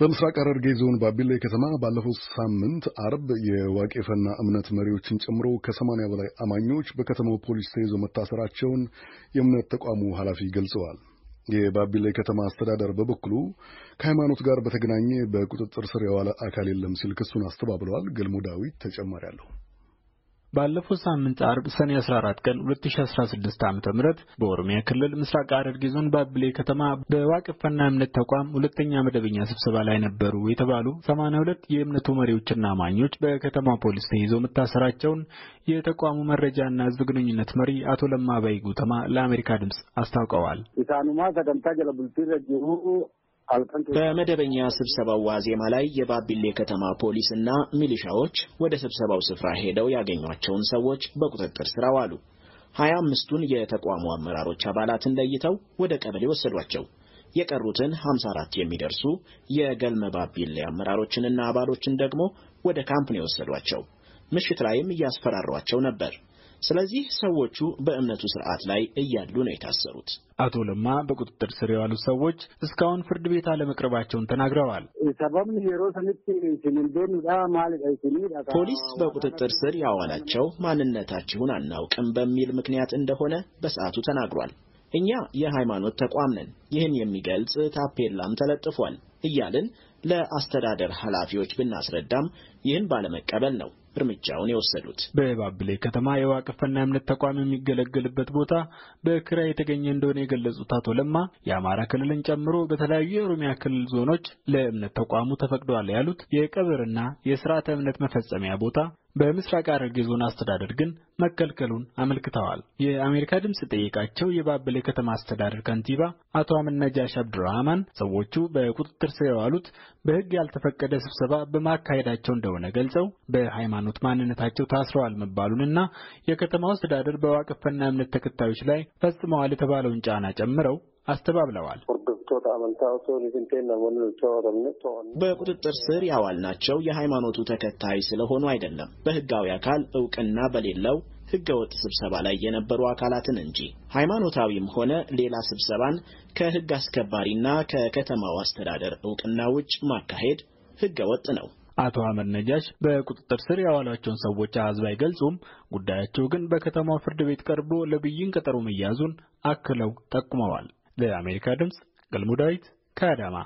በምስራቅ ሐረርጌ ዞን ባቢሌ ከተማ ባለፈው ሳምንት አርብ የዋቄፈና እምነት መሪዎችን ጨምሮ ከሰማንያ በላይ አማኞች በከተማው ፖሊስ ተይዘው መታሰራቸውን የእምነት ተቋሙ ኃላፊ ገልጸዋል። የባቢሌ ከተማ አስተዳደር በበኩሉ ከሃይማኖት ጋር በተገናኘ በቁጥጥር ስር የዋለ አካል የለም ሲል ክሱን አስተባብለዋል። ገልሞ ዳዊት ተጨማሪ አለሁ ባለፈው ሳምንት አርብ ሰኔ 14 ቀን 2016 ዓ.ም በኦሮሚያ ክልል ምስራቅ ሐረርጌ ዞን ባብሌ ከተማ በዋቅፈና እምነት ተቋም ሁለተኛ መደበኛ ስብሰባ ላይ ነበሩ የተባሉ 82 የእምነቱ መሪዎችና አማኞች በከተማ ፖሊስ ተይዘው መታሰራቸውን የተቋሙ መረጃና ሕዝብ ግንኙነት መሪ አቶ ለማ ባይ ጉተማ ለአሜሪካ ድምፅ አስታውቀዋል። በመደበኛ ስብሰባው ዋዜማ ላይ የባቢሌ ከተማ ፖሊስና ሚሊሻዎች ወደ ስብሰባው ስፍራ ሄደው ያገኟቸውን ሰዎች በቁጥጥር ስር አዋሉ። ሀያ አምስቱን የተቋሙ አመራሮች አባላትን ለይተው ወደ ቀበሌ ወሰዷቸው። የቀሩትን 54 የሚደርሱ የገልመ ባቢሌ አመራሮችንና አባሎችን ደግሞ ወደ ካምፕ ነው የወሰዷቸው። ምሽት ላይም እያስፈራሯቸው ነበር። ስለዚህ ሰዎቹ በእምነቱ ስርዓት ላይ እያሉ ነው የታሰሩት። አቶ ለማ በቁጥጥር ስር የዋሉት ሰዎች እስካሁን ፍርድ ቤት አለመቅረባቸውን ተናግረዋል። ፖሊስ በቁጥጥር ስር ያዋላቸው ማንነታችሁን አናውቅም በሚል ምክንያት እንደሆነ በሰዓቱ ተናግሯል። እኛ የሃይማኖት ተቋም ነን፣ ይህን የሚገልጽ ታፔላም ተለጥፏል እያልን ለአስተዳደር ኃላፊዎች ብናስረዳም ይህን ባለመቀበል ነው እርምጃውን የወሰዱት። በባብሌ ከተማ የዋቅፍና የእምነት ተቋም የሚገለገልበት ቦታ በክራይ የተገኘ እንደሆነ የገለጹት አቶ ለማ የአማራ ክልልን ጨምሮ በተለያዩ የኦሮሚያ ክልል ዞኖች ለእምነት ተቋሙ ተፈቅደዋል ያሉት የቀብርና የሥርዓተ እምነት መፈጸሚያ ቦታ በምሥራቅ ሐረርጌ ዞን አስተዳደር ግን መከልከሉን አመልክተዋል። የአሜሪካ ድምፅ ጠይቃቸው የባበሌ ከተማ አስተዳደር ከንቲባ አቶ አህመድ ነጃሽ አብዱራህማን ሰዎቹ በቁጥጥር ስር የዋሉት በሕግ ያልተፈቀደ ስብሰባ በማካሄዳቸው እንደሆነ ገልጸው በሃይማኖት ማንነታቸው ታስረዋል መባሉንና የከተማው አስተዳደር በዋቅፍና እምነት ተከታዮች ላይ ፈጽመዋል የተባለውን ጫና ጨምረው አስተባብለዋል። በቁጥጥር ስር ያዋልናቸው የሃይማኖቱ ተከታይ ስለሆኑ አይደለም፣ በህጋዊ አካል እውቅና በሌለው ህገወጥ ስብሰባ ላይ የነበሩ አካላትን እንጂ። ሃይማኖታዊም ሆነ ሌላ ስብሰባን ከህግ አስከባሪና ከከተማው አስተዳደር እውቅና ውጭ ማካሄድ ህገወጥ ነው። አቶ አህመድ ነጃሽ በቁጥጥር ስር ያዋሏቸውን ሰዎች አሃዝ ባይገልጹም ጉዳያቸው ግን በከተማው ፍርድ ቤት ቀርቦ ለብይን ቀጠሮ መያዙን አክለው ጠቁመዋል። ለአሜሪካ ድምፅ ገልሙዳዊት ከአዳማ